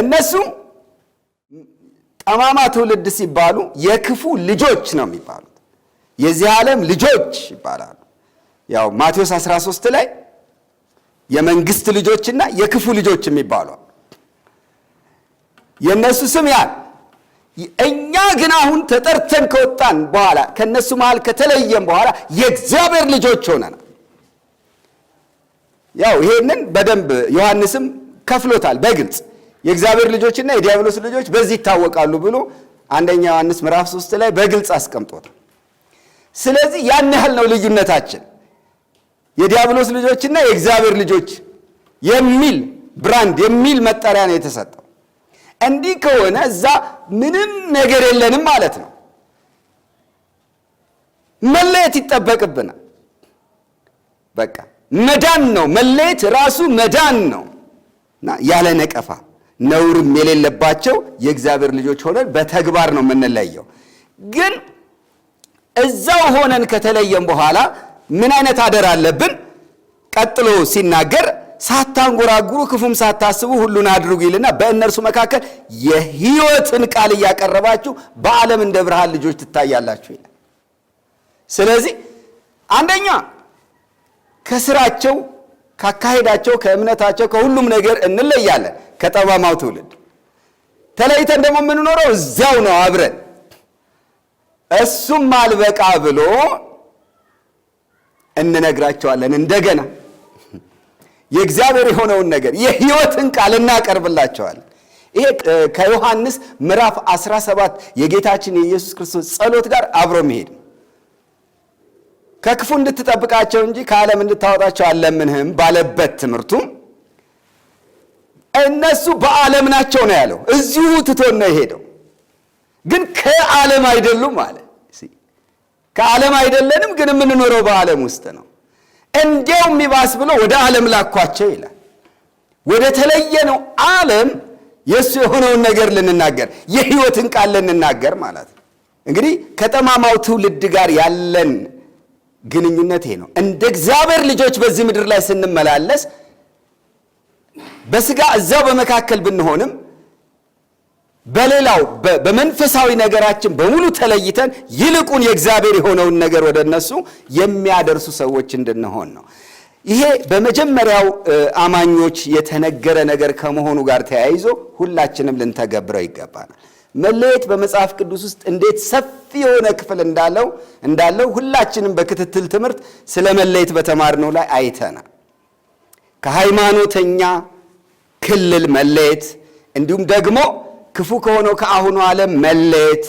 እነሱ ጠማማ ትውልድ ሲባሉ የክፉ ልጆች ነው የሚባሉት። የዚህ ዓለም ልጆች ይባላሉ። ያው ማቴዎስ 13 ላይ የመንግስት ልጆችና የክፉ ልጆች የሚባሉ የእነሱ ስም ያህል እኛ ግን አሁን ተጠርተን ከወጣን በኋላ ከእነሱ መሃል ከተለየን በኋላ የእግዚአብሔር ልጆች ሆነናል። ያው ይሄንን በደንብ ዮሐንስም ከፍሎታል በግልጽ የእግዚአብሔር ልጆችና የዲያብሎስ ልጆች በዚህ ይታወቃሉ ብሎ አንደኛ ዮሐንስ ምዕራፍ ሶስት ላይ በግልጽ አስቀምጦታል። ስለዚህ ያን ያህል ነው ልዩነታችን የዲያብሎስ ልጆችና የእግዚአብሔር ልጆች የሚል ብራንድ የሚል መጠሪያ ነው የተሰጠው። እንዲህ ከሆነ እዛ ምንም ነገር የለንም ማለት ነው። መለየት ይጠበቅብናል። በቃ መዳን ነው መለየት ራሱ መዳን ነው እና ያለ ነቀፋ ነውርም የሌለባቸው የእግዚአብሔር ልጆች ሆነን በተግባር ነው የምንለየው። ግን እዛው ሆነን ከተለየም በኋላ ምን አይነት አደራ አለብን? ቀጥሎ ሲናገር ሳታንጎራጉሩ ክፉም ሳታስቡ ሁሉን አድርጉ ይልና በእነርሱ መካከል የሕይወትን ቃል እያቀረባችሁ በዓለም እንደ ብርሃን ልጆች ትታያላችሁ ይላል። ስለዚህ አንደኛ ከስራቸው፣ ካካሄዳቸው፣ ከእምነታቸው፣ ከሁሉም ነገር እንለያለን። ከጠማማው ትውልድ ተለይተን ደግሞ የምንኖረው እዚያው ነው አብረን። እሱም አልበቃ ብሎ እንነግራቸዋለን። እንደገና የእግዚአብሔር የሆነውን ነገር የህይወትን ቃል እናቀርብላቸዋለን። ይሄ ከዮሐንስ ምዕራፍ 17 የጌታችን የኢየሱስ ክርስቶስ ጸሎት ጋር አብሮ መሄድ ከክፉ እንድትጠብቃቸው እንጂ ከዓለም እንድታወጣቸው አለምንህም ባለበት ትምህርቱም እነሱ በዓለም ናቸው ነው ያለው። እዚሁ ትቶን ነው የሄደው። ግን ከዓለም አይደሉም አለ። ከዓለም አይደለንም፣ ግን የምንኖረው በዓለም ውስጥ ነው። እንዲያው የሚባስ ብሎ ወደ ዓለም ላኳቸው ይላል። ወደ ተለየ ነው ዓለም የእሱ የሆነውን ነገር ልንናገር፣ የህይወትን ቃል ልንናገር ማለት ነው። እንግዲህ ከጠማማው ትውልድ ጋር ያለን ግንኙነት ይሄ ነው። እንደ እግዚአብሔር ልጆች በዚህ ምድር ላይ ስንመላለስ በስጋ እዚያው በመካከል ብንሆንም በሌላው በመንፈሳዊ ነገራችን በሙሉ ተለይተን ይልቁን የእግዚአብሔር የሆነውን ነገር ወደ እነሱ የሚያደርሱ ሰዎች እንድንሆን ነው። ይሄ በመጀመሪያው አማኞች የተነገረ ነገር ከመሆኑ ጋር ተያይዞ ሁላችንም ልንተገብረው ይገባናል። መለየት በመጽሐፍ ቅዱስ ውስጥ እንዴት ሰፊ የሆነ ክፍል እንዳለው እንዳለው ሁላችንም በክትትል ትምህርት ስለ መለየት በተማርነው ላይ አይተናል። ከሃይማኖተኛ ክልል መለየት እንዲሁም ደግሞ ክፉ ከሆነው ከአሁኑ ዓለም መለየት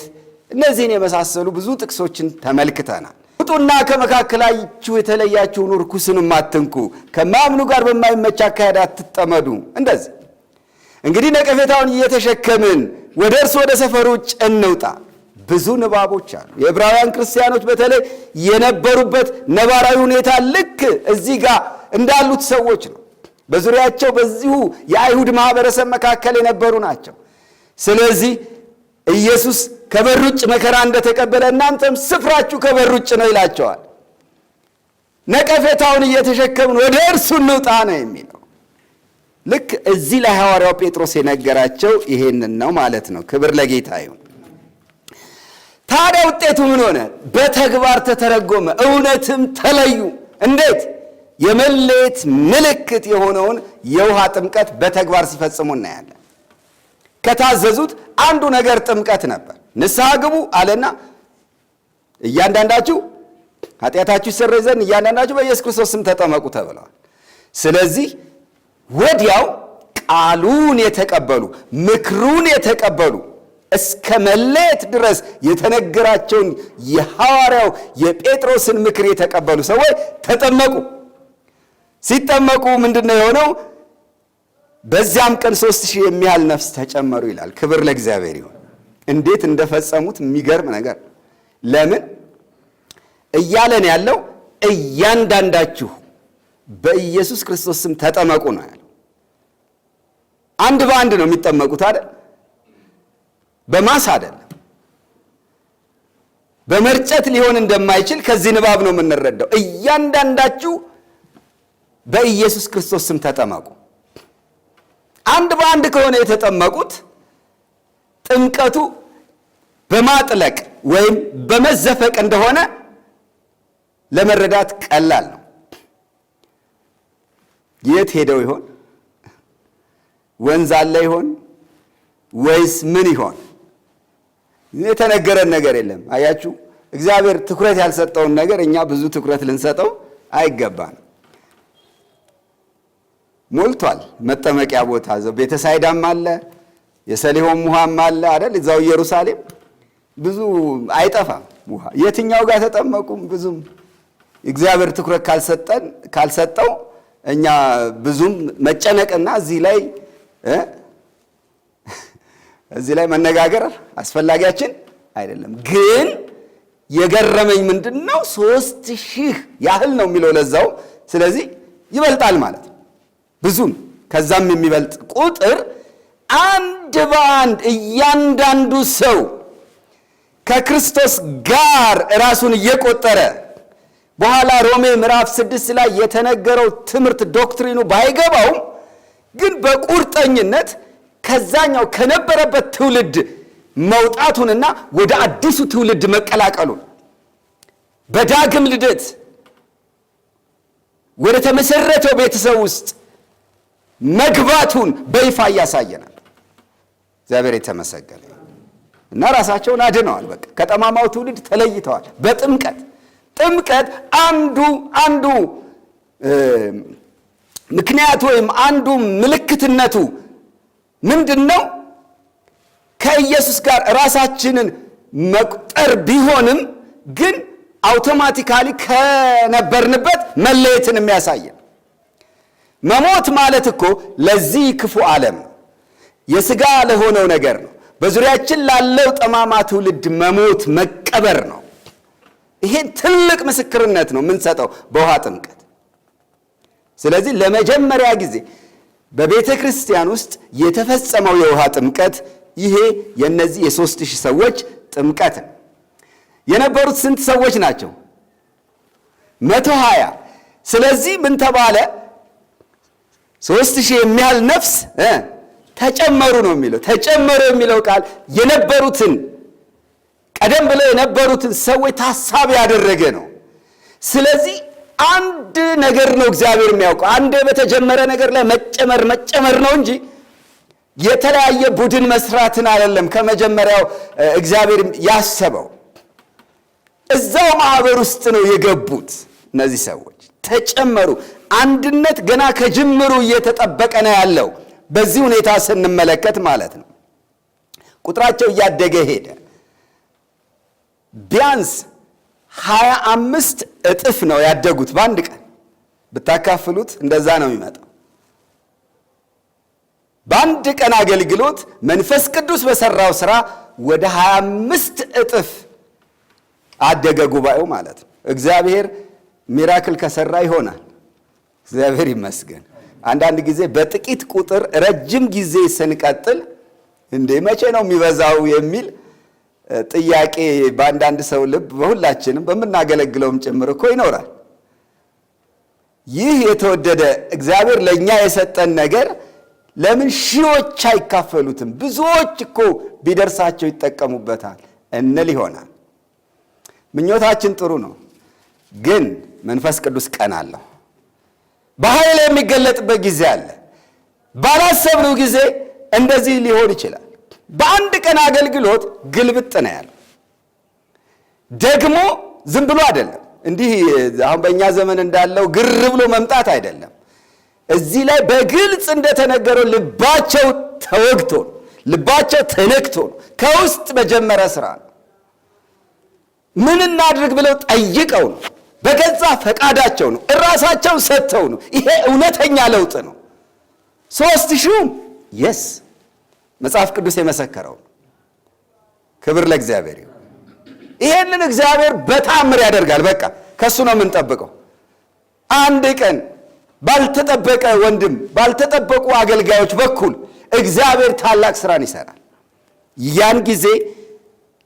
እነዚህን የመሳሰሉ ብዙ ጥቅሶችን ተመልክተናል። ውጡና ከመካከላችሁ የተለያችሁን ርኩስንም አትንኩ፣ ከማያምኑ ጋር በማይመች አካሄድ አትጠመዱ። እንደዚህ እንግዲህ ነቀፌታውን እየተሸከምን ወደ እርሱ ወደ ሰፈሩ ውጭ እንውጣ። ብዙ ንባቦች አሉ። የዕብራውያን ክርስቲያኖች በተለይ የነበሩበት ነባራዊ ሁኔታ ልክ እዚህ ጋር እንዳሉት ሰዎች ነው። በዙሪያቸው በዚሁ የአይሁድ ማህበረሰብ መካከል የነበሩ ናቸው። ስለዚህ ኢየሱስ ከበር ውጭ መከራ እንደተቀበለ እናንተም ስፍራችሁ ከበር ውጭ ነው ይላቸዋል። ነቀፌታውን እየተሸከምን ወደ እርሱ እንውጣ ነው የሚለው። ልክ እዚህ ላይ ሐዋርያው ጴጥሮስ የነገራቸው ይሄንን ነው ማለት ነው። ክብር ለጌታ ይሁን። ታዲያ ውጤቱ ምን ሆነ? በተግባር ተተረጎመ፣ እውነትም ተለዩ። እንዴት? የመለየት ምልክት የሆነውን የውሃ ጥምቀት በተግባር ሲፈጽሙ እናያለን። ከታዘዙት አንዱ ነገር ጥምቀት ነበር። ንስሐ ግቡ አለና እያንዳንዳችሁ ኃጢአታችሁ ይሰረይ ዘንድ እያንዳንዳችሁ በኢየሱስ ክርስቶስ ስም ተጠመቁ ተብለዋል። ስለዚህ ወዲያው ቃሉን የተቀበሉ ምክሩን የተቀበሉ እስከ መለየት ድረስ የተነገራቸውን የሐዋርያው የጴጥሮስን ምክር የተቀበሉ ሰዎች ተጠመቁ። ሲጠመቁ ምንድን ነው የሆነው? በዚያም ቀን ሶስት ሺህ የሚያህል ነፍስ ተጨመሩ ይላል። ክብር ለእግዚአብሔር ይሁን። እንዴት እንደፈጸሙት የሚገርም ነገር። ለምን እያለን ያለው እያንዳንዳችሁ በኢየሱስ ክርስቶስ ስም ተጠመቁ ነው ያለው። አንድ በአንድ ነው የሚጠመቁት አይደል? በማስ አይደለም፣ በመርጨት ሊሆን እንደማይችል ከዚህ ንባብ ነው የምንረዳው። እያንዳንዳችሁ በኢየሱስ ክርስቶስ ስም ተጠመቁ። አንድ በአንድ ከሆነ የተጠመቁት ጥምቀቱ በማጥለቅ ወይም በመዘፈቅ እንደሆነ ለመረዳት ቀላል ነው። የት ሄደው ይሆን? ወንዝ አለ ይሆን ወይስ ምን ይሆን? የተነገረን ነገር የለም። አያችሁ፣ እግዚአብሔር ትኩረት ያልሰጠውን ነገር እኛ ብዙ ትኩረት ልንሰጠው አይገባም። ሞልቷል። መጠመቂያ ቦታ እዛው ቤተሳይዳም አለ፣ የሰሊሆም ውሃም አለ አይደል? እዛው ኢየሩሳሌም ብዙ አይጠፋም ውሃ። የትኛው ጋር ተጠመቁም ብዙም እግዚአብሔር ትኩረት ካልሰጠን ካልሰጠው እኛ ብዙም መጨነቅና እዚህ ላይ እዚህ ላይ መነጋገር አስፈላጊያችን አይደለም። ግን የገረመኝ ምንድን ነው ሶስት ሺህ ያህል ነው የሚለው ለዛው። ስለዚህ ይበልጣል ማለት ነው። ብዙም ከዛም የሚበልጥ ቁጥር አንድ በአንድ እያንዳንዱ ሰው ከክርስቶስ ጋር ራሱን እየቆጠረ በኋላ ሮሜ ምዕራፍ ስድስት ላይ የተነገረው ትምህርት ዶክትሪኑ ባይገባውም ግን በቁርጠኝነት ከዛኛው ከነበረበት ትውልድ መውጣቱንና ወደ አዲሱ ትውልድ መቀላቀሉን በዳግም ልደት ወደ ተመሰረተው ቤተሰብ ውስጥ መግባቱን በይፋ እያሳየናል። እግዚአብሔር የተመሰገነ እና ራሳቸውን አድነዋል። በቃ ከጠማማው ትውልድ ተለይተዋል። በጥምቀት ጥምቀት አንዱ አንዱ ምክንያት ወይም አንዱ ምልክትነቱ ምንድን ነው? ከኢየሱስ ጋር ራሳችንን መቁጠር ቢሆንም ግን አውቶማቲካሊ ከነበርንበት መለየትን የሚያሳየን መሞት ማለት እኮ ለዚህ ክፉ ዓለም ነው፣ የሥጋ ለሆነው ነገር ነው፣ በዙሪያችን ላለው ጠማማ ትውልድ መሞት መቀበር ነው። ይሄን ትልቅ ምስክርነት ነው የምንሰጠው በውሃ ጥምቀት። ስለዚህ ለመጀመሪያ ጊዜ በቤተ ክርስቲያን ውስጥ የተፈጸመው የውሃ ጥምቀት ይሄ የነዚህ የሦስት ሺህ ሰዎች ጥምቀት ነው። የነበሩት ስንት ሰዎች ናቸው? መቶ ሀያ ስለዚህ ምን ተባለ? ሶስት ሺህ የሚያህል ነፍስ ተጨመሩ ነው የሚለው። ተጨመሩ የሚለው ቃል የነበሩትን ቀደም ብለው የነበሩትን ሰዎች ታሳቢ ያደረገ ነው። ስለዚህ አንድ ነገር ነው እግዚአብሔር የሚያውቀው። አንድ በተጀመረ ነገር ላይ መጨመር መጨመር ነው እንጂ የተለያየ ቡድን መስራትን አይደለም። ከመጀመሪያው እግዚአብሔር ያሰበው እዛው ማህበር ውስጥ ነው የገቡት እነዚህ ሰዎች ተጨመሩ። አንድነት ገና ከጅምሩ እየተጠበቀ ነው ያለው። በዚህ ሁኔታ ስንመለከት ማለት ነው ቁጥራቸው እያደገ ሄደ። ቢያንስ ሀያ አምስት እጥፍ ነው ያደጉት። በአንድ ቀን ብታካፍሉት እንደዛ ነው የሚመጣው። በአንድ ቀን አገልግሎት መንፈስ ቅዱስ በሰራው ስራ ወደ ሀያ አምስት እጥፍ አደገ ጉባኤው ማለት ነው። እግዚአብሔር ሚራክል ከሰራ ይሆናል እግዚአብሔር ይመስገን። አንዳንድ ጊዜ በጥቂት ቁጥር ረጅም ጊዜ ስንቀጥል እንዴ መቼ ነው የሚበዛው የሚል ጥያቄ በአንዳንድ ሰው ልብ፣ በሁላችንም በምናገለግለውም ጭምር እኮ ይኖራል። ይህ የተወደደ እግዚአብሔር ለእኛ የሰጠን ነገር ለምን ሺዎች አይካፈሉትም? ብዙዎች እኮ ቢደርሳቸው ይጠቀሙበታል እንል ይሆናል። ምኞታችን ጥሩ ነው፣ ግን መንፈስ ቅዱስ ቀን አለው። በኃይል የሚገለጥበት ጊዜ አለ። ባላሰብነው ጊዜ እንደዚህ ሊሆን ይችላል። በአንድ ቀን አገልግሎት ግልብጥ ነው ያለው። ደግሞ ዝም ብሎ አይደለም። እንዲህ አሁን በእኛ ዘመን እንዳለው ግር ብሎ መምጣት አይደለም። እዚህ ላይ በግልጽ እንደተነገረው ልባቸው ተወግቶ ነው፣ ልባቸው ተነክቶ ነው። ከውስጥ በጀመረ ስራ ነው። ምን እናድርግ ብለው ጠይቀው ነው በገዛ ፈቃዳቸው ነው፣ እራሳቸው ሰጥተው ነው። ይሄ እውነተኛ ለውጥ ነው። ሶስት ሺሁም የስ መጽሐፍ ቅዱስ የመሰከረው ክብር ለእግዚአብሔር ይሁን። ይሄንን እግዚአብሔር በታምር ያደርጋል። በቃ ከእሱ ነው የምንጠብቀው። አንድ ቀን ባልተጠበቀ ወንድም፣ ባልተጠበቁ አገልጋዮች በኩል እግዚአብሔር ታላቅ ስራን ይሰራል። ያን ጊዜ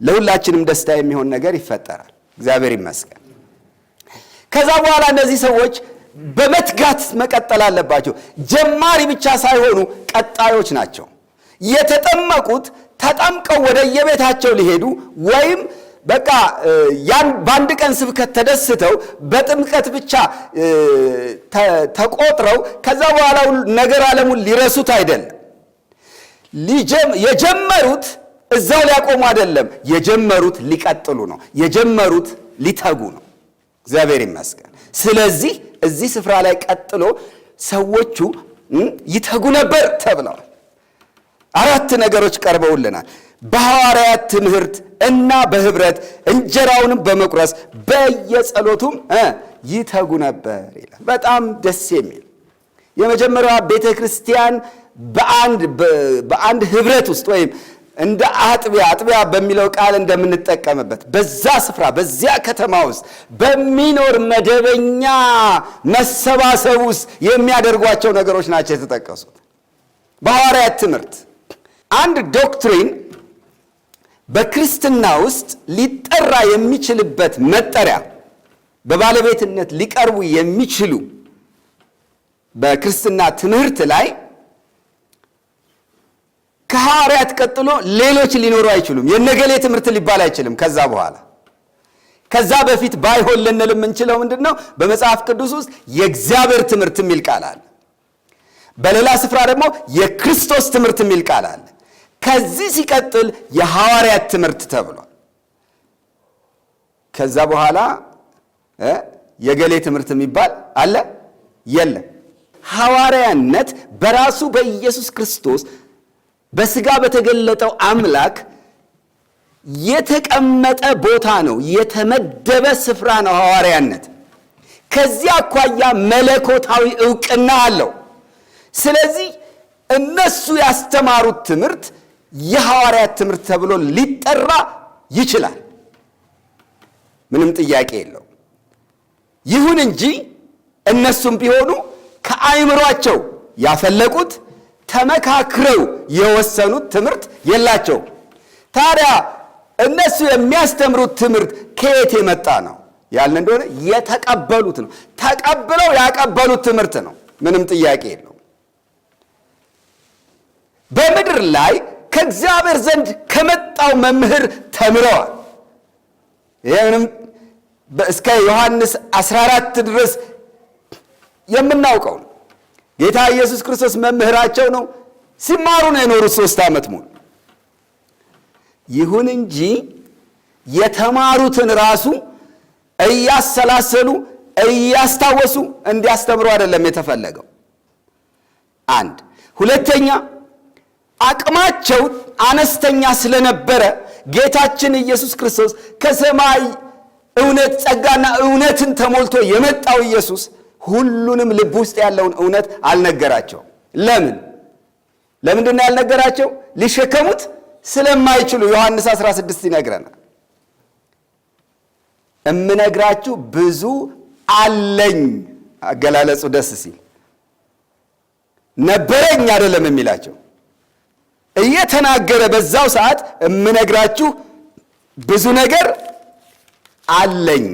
ለሁላችንም ደስታ የሚሆን ነገር ይፈጠራል። እግዚአብሔር ይመስገን። ከዛ በኋላ እነዚህ ሰዎች በመትጋት መቀጠል አለባቸው። ጀማሪ ብቻ ሳይሆኑ ቀጣዮች ናቸው። የተጠመቁት ተጠምቀው ወደ የቤታቸው ሊሄዱ ወይም በቃ ያን በአንድ ቀን ስብከት ተደስተው በጥምቀት ብቻ ተቆጥረው ከዛ በኋላ ነገር ዓለሙን ሊረሱት አይደለም። የጀመሩት እዛው ሊያቆሙ አይደለም። የጀመሩት ሊቀጥሉ ነው። የጀመሩት ሊተጉ ነው። እግዚአብሔር ይመስገን። ስለዚህ እዚህ ስፍራ ላይ ቀጥሎ ሰዎቹ ይተጉ ነበር ተብለዋል። አራት ነገሮች ቀርበውልናል። በሐዋርያት ትምህርት እና በህብረት እንጀራውንም በመቁረስ በየጸሎቱም ይተጉ ነበር ይላል። በጣም ደስ የሚል የመጀመሪያዋ ቤተ ክርስቲያን በአንድ ህብረት ውስጥ ወይም እንደ አጥቢያ አጥቢያ በሚለው ቃል እንደምንጠቀምበት በዛ ስፍራ በዚያ ከተማ ውስጥ በሚኖር መደበኛ መሰባሰብ ውስጥ የሚያደርጓቸው ነገሮች ናቸው የተጠቀሱት። በሐዋርያት ትምህርት አንድ ዶክትሪን በክርስትና ውስጥ ሊጠራ የሚችልበት መጠሪያ በባለቤትነት ሊቀርቡ የሚችሉ በክርስትና ትምህርት ላይ ከሐዋርያት ቀጥሎ ሌሎች ሊኖሩ አይችሉም። የነገሌ ትምህርት ሊባል አይችልም። ከዛ በኋላ ከዛ በፊት ባይሆን ልንል የምንችለው ምንድን ነው? በመጽሐፍ ቅዱስ ውስጥ የእግዚአብሔር ትምህርት የሚል ቃል አለ። በሌላ ስፍራ ደግሞ የክርስቶስ ትምህርት የሚል ቃል አለ። ከዚህ ሲቀጥል የሐዋርያት ትምህርት ተብሏል። ከዛ በኋላ የገሌ ትምህርት የሚባል አለ የለም። ሐዋርያነት በራሱ በኢየሱስ ክርስቶስ በስጋ በተገለጠው አምላክ የተቀመጠ ቦታ ነው፣ የተመደበ ስፍራ ነው ሐዋርያነት። ከዚያ አኳያ መለኮታዊ እውቅና አለው። ስለዚህ እነሱ ያስተማሩት ትምህርት የሐዋርያት ትምህርት ተብሎ ሊጠራ ይችላል። ምንም ጥያቄ የለው። ይሁን እንጂ እነሱም ቢሆኑ ከአእምሯቸው ያፈለቁት ተመካክረው የወሰኑት ትምህርት የላቸውም። ታዲያ እነሱ የሚያስተምሩት ትምህርት ከየት የመጣ ነው ያልን እንደሆነ የተቀበሉት ነው። ተቀብለው ያቀበሉት ትምህርት ነው። ምንም ጥያቄ የለው። በምድር ላይ ከእግዚአብሔር ዘንድ ከመጣው መምህር ተምረዋል። ይህንም እስከ ዮሐንስ 14 ድረስ የምናውቀው ነው። ጌታ ኢየሱስ ክርስቶስ መምህራቸው ነው። ሲማሩ ነው የኖሩት ሶስት ዓመት ሙሉ። ይሁን እንጂ የተማሩትን ራሱ እያሰላሰሉ እያስታወሱ እንዲያስተምሩ አይደለም የተፈለገው። አንድ ሁለተኛ አቅማቸው አነስተኛ ስለነበረ ጌታችን ኢየሱስ ክርስቶስ ከሰማይ እውነት ጸጋና እውነትን ተሞልቶ የመጣው ኢየሱስ ሁሉንም ልብ ውስጥ ያለውን እውነት አልነገራቸውም። ለምን ለምንድን ነው ያልነገራቸው? ሊሸከሙት ስለማይችሉ። ዮሐንስ 16 ይነግረናል። እምነግራችሁ ብዙ አለኝ። አገላለጹ ደስ ሲል ነበረኝ አይደለም የሚላቸው እየተናገረ በዛው ሰዓት እምነግራችሁ ብዙ ነገር አለኝ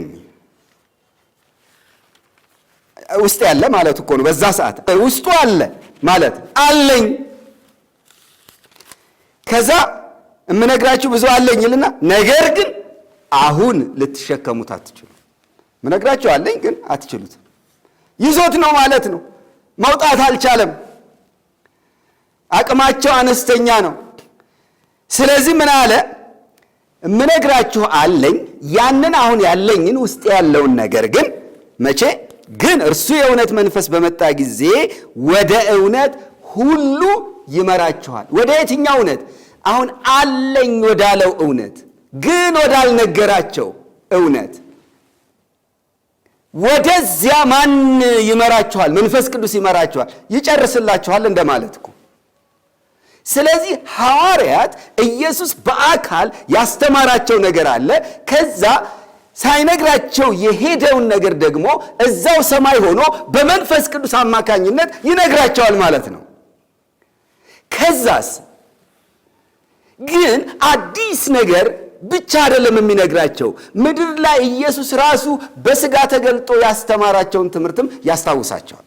ውስጥ ያለ ማለት እኮ ነው። በዛ ሰዓት ውስጡ አለ ማለት አለኝ። ከዛ የምነግራችሁ ብዙ አለኝ ነገር ግን አሁን ልትሸከሙት አትችሉ። ምነግራችሁ አለኝ ግን አትችሉት። ይዞት ነው ማለት ነው። መውጣት አልቻለም። አቅማቸው አነስተኛ ነው። ስለዚህ ምን አለ? የምነግራችሁ አለኝ ያንን አሁን ያለኝን ውስጥ ያለውን ነገር ግን መቼ ግን እርሱ የእውነት መንፈስ በመጣ ጊዜ ወደ እውነት ሁሉ ይመራችኋል። ወደ የትኛው እውነት? አሁን አለኝ ወዳለው እውነት፣ ግን ወዳልነገራቸው እውነት ወደዚያ ማን ይመራችኋል? መንፈስ ቅዱስ ይመራችኋል፣ ይጨርስላችኋል እንደማለት እኮ። ስለዚህ ሐዋርያት ኢየሱስ በአካል ያስተማራቸው ነገር አለ ከዛ ሳይነግራቸው የሄደውን ነገር ደግሞ እዛው ሰማይ ሆኖ በመንፈስ ቅዱስ አማካኝነት ይነግራቸዋል ማለት ነው። ከዛስ ግን አዲስ ነገር ብቻ አይደለም የሚነግራቸው፣ ምድር ላይ ኢየሱስ ራሱ በስጋ ተገልጦ ያስተማራቸውን ትምህርትም ያስታውሳቸዋል።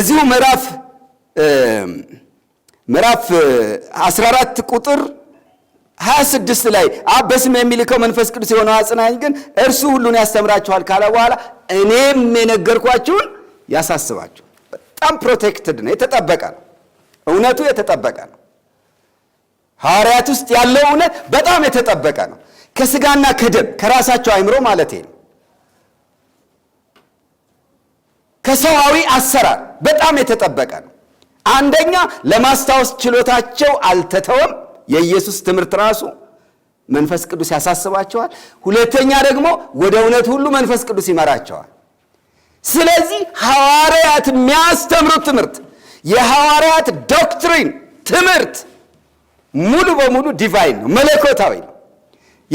እዚሁ ምዕራፍ ምዕራፍ 14 ቁጥር ሀያ ስድስት ላይ አብ በስም የሚልከው መንፈስ ቅዱስ የሆነው አጽናኝ ግን እርሱ ሁሉን ያስተምራችኋል ካለ በኋላ እኔም የነገርኳችሁን ያሳስባችሁ። በጣም ፕሮቴክትድ ነው፣ የተጠበቀ ነው። እውነቱ የተጠበቀ ነው። ሐዋርያት ውስጥ ያለው እውነት በጣም የተጠበቀ ነው። ከስጋና ከደም ከራሳቸው አይምሮ ማለት ነው። ከሰዋዊ አሰራር በጣም የተጠበቀ ነው። አንደኛ ለማስታወስ ችሎታቸው አልተተወም። የኢየሱስ ትምህርት ራሱ መንፈስ ቅዱስ ያሳስባቸዋል። ሁለተኛ ደግሞ ወደ እውነት ሁሉ መንፈስ ቅዱስ ይመራቸዋል። ስለዚህ ሐዋርያት የሚያስተምሩት ትምህርት የሐዋርያት ዶክትሪን ትምህርት ሙሉ በሙሉ ዲቫይን ነው፣ መለኮታዊ ነው፣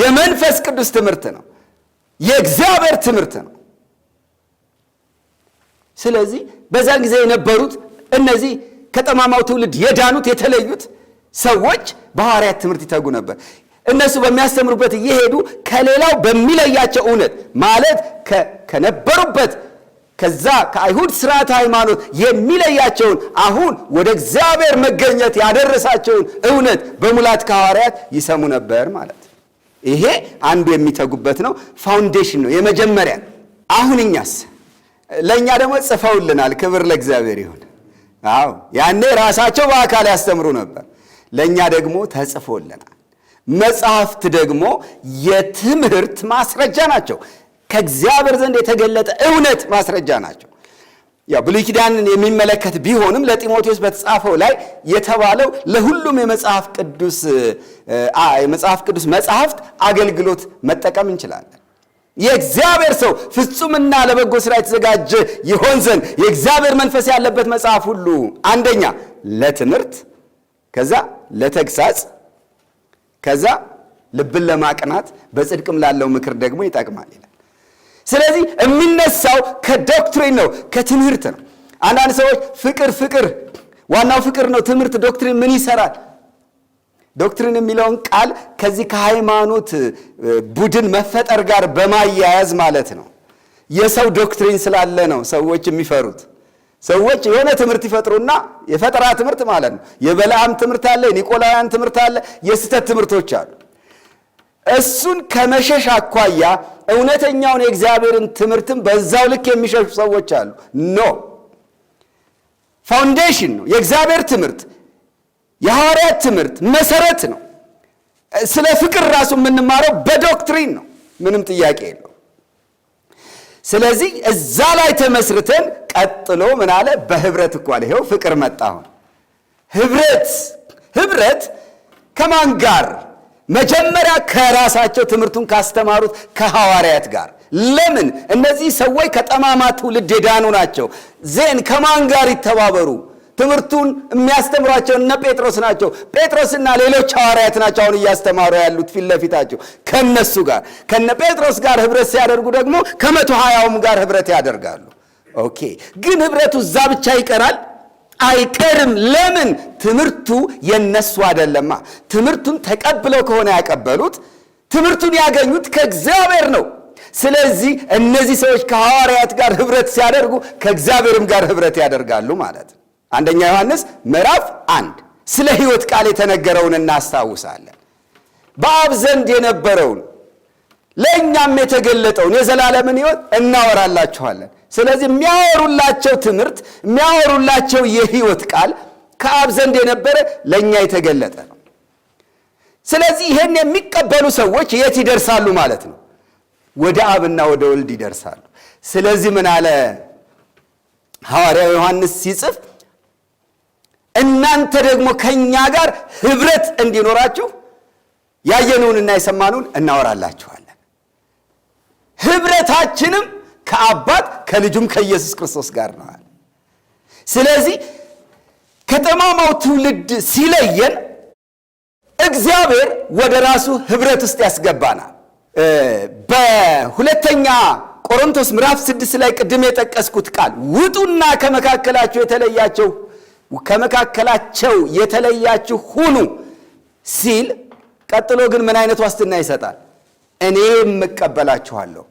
የመንፈስ ቅዱስ ትምህርት ነው፣ የእግዚአብሔር ትምህርት ነው። ስለዚህ በዛን ጊዜ የነበሩት እነዚህ ከጠማማው ትውልድ የዳኑት የተለዩት ሰዎች በሐዋርያት ትምህርት ይተጉ ነበር። እነሱ በሚያስተምሩበት እየሄዱ ከሌላው በሚለያቸው እውነት ማለት ከነበሩበት ከዛ ከአይሁድ ስርዓት ሃይማኖት የሚለያቸውን አሁን ወደ እግዚአብሔር መገኘት ያደረሳቸውን እውነት በሙላት ከሐዋርያት ይሰሙ ነበር ማለት ይሄ አንዱ የሚተጉበት ነው። ፋውንዴሽን ነው የመጀመሪያ። አሁን እኛስ ለእኛ ደግሞ ጽፈውልናል። ክብር ለእግዚአብሔር ይሁን። አዎ ያኔ ራሳቸው በአካል ያስተምሩ ነበር። ለእኛ ደግሞ ተጽፎልናል። መጽሐፍት ደግሞ የትምህርት ማስረጃ ናቸው። ከእግዚአብሔር ዘንድ የተገለጠ እውነት ማስረጃ ናቸው። ያው ብሉይ ኪዳንን የሚመለከት ቢሆንም ለጢሞቴዎስ በተጻፈው ላይ የተባለው ለሁሉም የመጽሐፍ ቅዱስ የመጽሐፍ ቅዱስ መጽሐፍት አገልግሎት መጠቀም እንችላለን። የእግዚአብሔር ሰው ፍጹምና ለበጎ ስራ የተዘጋጀ ይሆን ዘንድ የእግዚአብሔር መንፈስ ያለበት መጽሐፍ ሁሉ አንደኛ ለትምህርት ከዛ ለተግሳጽ ከዛ ልብን ለማቅናት በጽድቅም ላለው ምክር ደግሞ ይጠቅማል ይላል። ስለዚህ የሚነሳው ከዶክትሪን ነው፣ ከትምህርት ነው። አንዳንድ ሰዎች ፍቅር ፍቅር ዋናው ፍቅር ነው፣ ትምህርት ዶክትሪን ምን ይሰራል? ዶክትሪን የሚለውን ቃል ከዚህ ከሃይማኖት ቡድን መፈጠር ጋር በማያያዝ ማለት ነው። የሰው ዶክትሪን ስላለ ነው ሰዎች የሚፈሩት። ሰዎች የሆነ ትምህርት ይፈጥሩና የፈጠራ ትምህርት ማለት ነው። የበላም ትምህርት አለ፣ የኒቆላውያን ትምህርት አለ፣ የስህተት ትምህርቶች አሉ። እሱን ከመሸሽ አኳያ እውነተኛውን የእግዚአብሔርን ትምህርትን በዛው ልክ የሚሸሹ ሰዎች አሉ። ኖ ፋውንዴሽን ነው የእግዚአብሔር ትምህርት፣ የሐዋርያት ትምህርት መሰረት ነው። ስለ ፍቅር ራሱ የምንማረው በዶክትሪን ነው። ምንም ጥያቄ የለው። ስለዚህ እዛ ላይ ተመስርተን ቀጥሎ ምን አለ? በህብረት እኮ አለ። ይኸው ፍቅር መጣ። አሁን ህብረት ህብረት ከማን ጋር? መጀመሪያ ከራሳቸው ትምህርቱን ካስተማሩት ከሐዋርያት ጋር። ለምን? እነዚህ ሰዎች ከጠማማ ትውልድ የዳኑ ናቸው። ዜን ከማን ጋር ይተባበሩ? ትምህርቱን የሚያስተምሯቸው እነ ጴጥሮስ ናቸው። ጴጥሮስና ሌሎች ሐዋርያት ናቸው አሁን እያስተማሩ ያሉት ፊት ለፊታቸው። ከነሱ ጋር ከነ ጴጥሮስ ጋር ህብረት ሲያደርጉ ደግሞ ከመቶ ሀያውም ጋር ህብረት ያደርጋሉ። ኦኬ። ግን ህብረቱ እዛ ብቻ ይቀራል አይቀርም። ለምን? ትምህርቱ የነሱ አይደለማ። ትምህርቱን ተቀብለው ከሆነ ያቀበሉት ትምህርቱን ያገኙት ከእግዚአብሔር ነው። ስለዚህ እነዚህ ሰዎች ከሐዋርያት ጋር ህብረት ሲያደርጉ ከእግዚአብሔርም ጋር ህብረት ያደርጋሉ ማለት ነው። አንደኛ ዮሐንስ ምዕራፍ አንድ ስለ ሕይወት ቃል የተነገረውን እናስታውሳለን። በአብ ዘንድ የነበረውን ለእኛም የተገለጠውን የዘላለምን ሕይወት እናወራላችኋለን። ስለዚህ የሚያወሩላቸው ትምህርት የሚያወሩላቸው የሕይወት ቃል ከአብ ዘንድ የነበረ ለእኛ የተገለጠ ነው። ስለዚህ ይህን የሚቀበሉ ሰዎች የት ይደርሳሉ ማለት ነው? ወደ አብና ወደ ወልድ ይደርሳሉ። ስለዚህ ምን አለ ሐዋርያው ዮሐንስ ሲጽፍ እናንተ ደግሞ ከእኛ ጋር ህብረት እንዲኖራችሁ ያየነውንና የሰማነውን እናወራላችኋለን። ህብረታችንም ከአባት ከልጁም ከኢየሱስ ክርስቶስ ጋር ነዋል። ስለዚህ ከጠማማው ትውልድ ሲለየን እግዚአብሔር ወደ ራሱ ህብረት ውስጥ ያስገባናል። በሁለተኛ ቆሮንቶስ ምዕራፍ ስድስት ላይ ቅድም የጠቀስኩት ቃል ውጡና ከመካከላቸው የተለያቸው ከመካከላቸው የተለያችሁ ሁኑ ሲል፣ ቀጥሎ ግን ምን አይነት ዋስትና ይሰጣል? እኔም የምቀበላችኋለሁ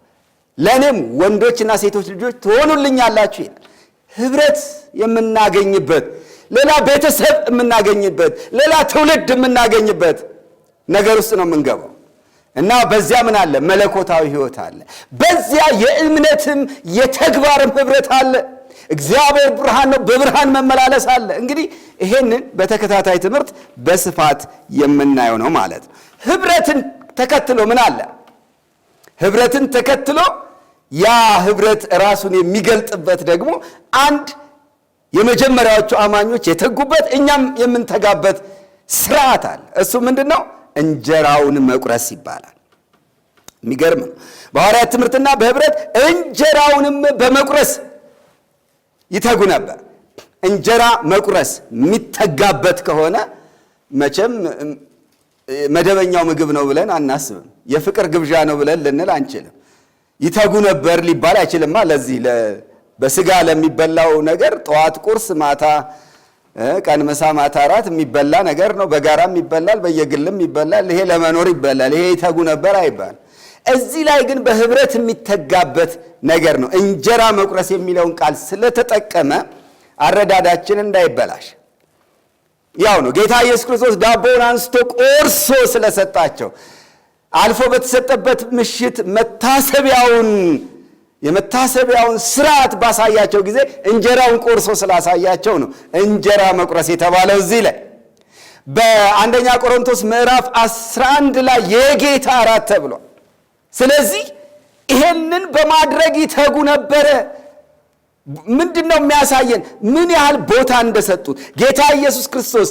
ለእኔም ወንዶችና ሴቶች ልጆች ትሆኑልኛላችሁ ይላል። ህብረት የምናገኝበት ሌላ ቤተሰብ የምናገኝበት ሌላ ትውልድ የምናገኝበት ነገር ውስጥ ነው የምንገባው እና በዚያ ምን አለ? መለኮታዊ ህይወት አለ። በዚያ የእምነትም የተግባርም ህብረት አለ። እግዚአብሔር ብርሃን ነው፣ በብርሃን መመላለስ አለ። እንግዲህ ይሄንን በተከታታይ ትምህርት በስፋት የምናየው ነው ማለት ነው። ህብረትን ተከትሎ ምን አለ? ህብረትን ተከትሎ ያ ህብረት ራሱን የሚገልጥበት ደግሞ አንድ የመጀመሪያዎቹ አማኞች የተጉበት እኛም የምንተጋበት ስርዓት አለ። እሱ ምንድን ነው? እንጀራውን መቁረስ ይባላል። የሚገርም ነው። በሐዋርያት ትምህርትና በህብረት እንጀራውንም በመቁረስ ይተጉ ነበር። እንጀራ መቁረስ የሚተጋበት ከሆነ መቼም መደበኛው ምግብ ነው ብለን አናስብም። የፍቅር ግብዣ ነው ብለን ልንል አንችልም። ይተጉ ነበር ሊባል አይችልማ። ለዚህ በስጋ ለሚበላው ነገር ጠዋት ቁርስ፣ ማታ ቀን ምሳ፣ ማታ እራት የሚበላ ነገር ነው። በጋራም ይበላል፣ በየግልም ይበላል። ይሄ ለመኖር ይበላል። ይሄ ይተጉ ነበር አይባል እዚህ ላይ ግን በህብረት የሚተጋበት ነገር ነው። እንጀራ መቁረስ የሚለውን ቃል ስለተጠቀመ አረዳዳችን እንዳይበላሽ ያው ነው። ጌታ ኢየሱስ ክርስቶስ ዳቦውን አንስቶ ቆርሶ ስለሰጣቸው አልፎ በተሰጠበት ምሽት መታሰቢያውን የመታሰቢያውን ስርዓት ባሳያቸው ጊዜ እንጀራውን ቆርሶ ስላሳያቸው ነው እንጀራ መቁረስ የተባለው እዚህ ላይ በአንደኛ ቆሮንቶስ ምዕራፍ 11 ላይ የጌታ እራት ተብሏል። ስለዚህ ይሄንን በማድረግ ይተጉ ነበረ። ምንድን ነው የሚያሳየን? ምን ያህል ቦታ እንደሰጡት ጌታ ኢየሱስ ክርስቶስ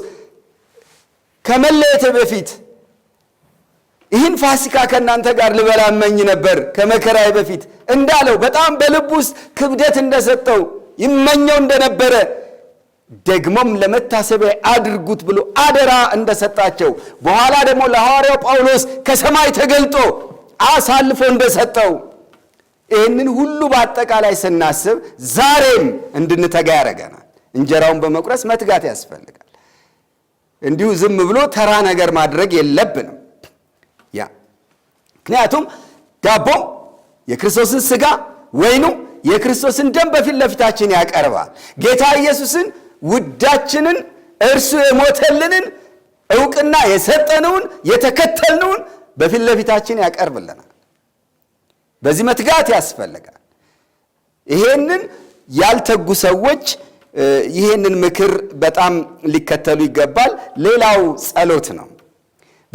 ከመለየት በፊት ይህን ፋሲካ ከእናንተ ጋር ልበላ እመኝ ነበር ከመከራዬ በፊት እንዳለው በጣም በልብ ውስጥ ክብደት እንደሰጠው ይመኘው እንደነበረ ደግሞም ለመታሰቢያ አድርጉት ብሎ አደራ እንደሰጣቸው በኋላ ደግሞ ለሐዋርያው ጳውሎስ ከሰማይ ተገልጦ አሳልፎ እንደሰጠው ይህንን ሁሉ በአጠቃላይ ስናስብ ዛሬም እንድንተጋ ያደርገናል። እንጀራውን በመቁረስ መትጋት ያስፈልጋል። እንዲሁ ዝም ብሎ ተራ ነገር ማድረግ የለብንም። ያ ምክንያቱም ዳቦም የክርስቶስን ስጋ ወይኑ የክርስቶስን ደም በፊት ለፊታችን ያቀርባል። ጌታ ኢየሱስን ውዳችንን፣ እርሱ የሞተልንን፣ እውቅና የሰጠነውን፣ የተከተልነውን በፊት ለፊታችን ያቀርብልናል። በዚህ መትጋት ያስፈልጋል። ይሄንን ያልተጉ ሰዎች ይሄንን ምክር በጣም ሊከተሉ ይገባል። ሌላው ጸሎት ነው።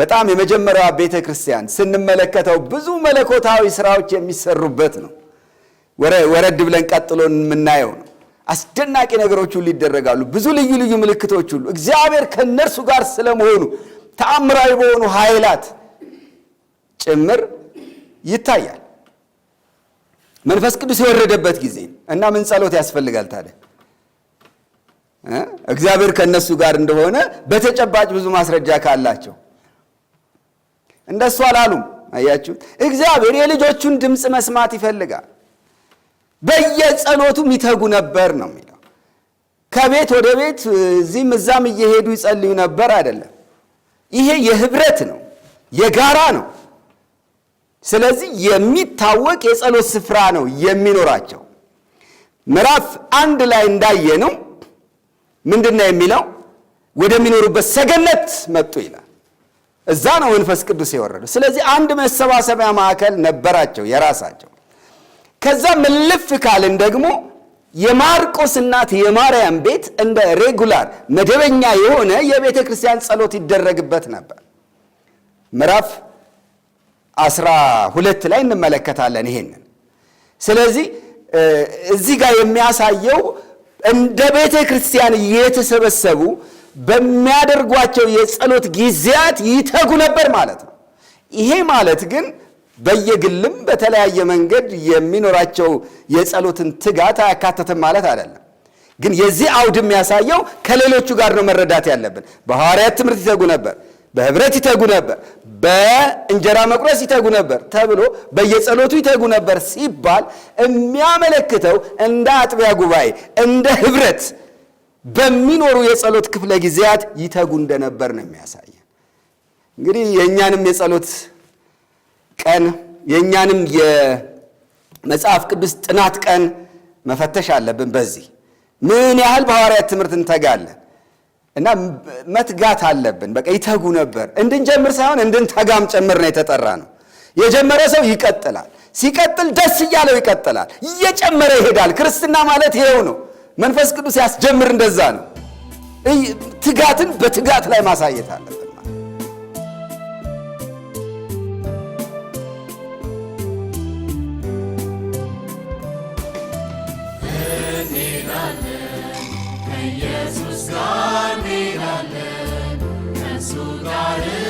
በጣም የመጀመሪያ ቤተ ክርስቲያን ስንመለከተው ብዙ መለኮታዊ ስራዎች የሚሰሩበት ነው። ወረድ ብለን ቀጥሎ የምናየው ነው። አስደናቂ ነገሮች ሁሉ ይደረጋሉ። ብዙ ልዩ ልዩ ምልክቶች ሁሉ እግዚአብሔር ከእነርሱ ጋር ስለመሆኑ ተአምራዊ በሆኑ ኃይላት ጭምር ይታያል። መንፈስ ቅዱስ የወረደበት ጊዜ እና ምን ጸሎት ያስፈልጋል ታዲያ? እግዚአብሔር ከእነሱ ጋር እንደሆነ በተጨባጭ ብዙ ማስረጃ ካላቸው እንደሱ አላሉም። አያችሁ፣ እግዚአብሔር የልጆቹን ድምፅ መስማት ይፈልጋል። በየጸሎቱም ይተጉ ነበር ነው የሚለው። ከቤት ወደ ቤት እዚህም እዛም እየሄዱ ይጸልዩ ነበር አይደለም። ይሄ የህብረት ነው፣ የጋራ ነው። ስለዚህ የሚታወቅ የጸሎት ስፍራ ነው የሚኖራቸው። ምዕራፍ አንድ ላይ እንዳየነው ምንድን የሚለው? ወደሚኖሩበት ሰገነት መጡ ይላል። እዛ ነው መንፈስ ቅዱስ የወረዱ ስለዚህ አንድ መሰባሰቢያ ማዕከል ነበራቸው የራሳቸው። ከዛ ምልፍ ካልን ደግሞ የማርቆስ እናት የማርያም ቤት እንደ ሬጉላር መደበኛ የሆነ የቤተ ክርስቲያን ጸሎት ይደረግበት ነበር ምዕራፍ አስራ ሁለት ላይ እንመለከታለን ይሄንን። ስለዚህ እዚህ ጋር የሚያሳየው እንደ ቤተ ክርስቲያን የተሰበሰቡ በሚያደርጓቸው የጸሎት ጊዜያት ይተጉ ነበር ማለት ነው። ይሄ ማለት ግን በየግልም በተለያየ መንገድ የሚኖራቸው የጸሎትን ትጋት አያካተትም ማለት አይደለም። ግን የዚህ አውድ የሚያሳየው ከሌሎቹ ጋር ነው መረዳት ያለብን። በሐዋርያት ትምህርት ይተጉ ነበር። በህብረት ይተጉ ነበር፣ በእንጀራ መቁረስ ይተጉ ነበር ተብሎ በየጸሎቱ ይተጉ ነበር ሲባል የሚያመለክተው እንደ አጥቢያ ጉባኤ እንደ ህብረት በሚኖሩ የጸሎት ክፍለ ጊዜያት ይተጉ እንደነበር ነው የሚያሳየ። እንግዲህ የእኛንም የጸሎት ቀን የእኛንም የመጽሐፍ ቅዱስ ጥናት ቀን መፈተሽ አለብን። በዚህ ምን ያህል በሐዋርያት ትምህርት እንተጋለን? እና መትጋት አለብን። በቃ ይተጉ ነበር። እንድንጀምር ሳይሆን እንድንተጋም ጭምር ነው የተጠራ ነው። የጀመረ ሰው ይቀጥላል። ሲቀጥል ደስ እያለው ይቀጥላል። እየጨመረ ይሄዳል። ክርስትና ማለት ይሄው ነው። መንፈስ ቅዱስ ያስጀምር። እንደዛ ነው። ትጋትን በትጋት ላይ ማሳየት አለብን። God be the name, and so God is.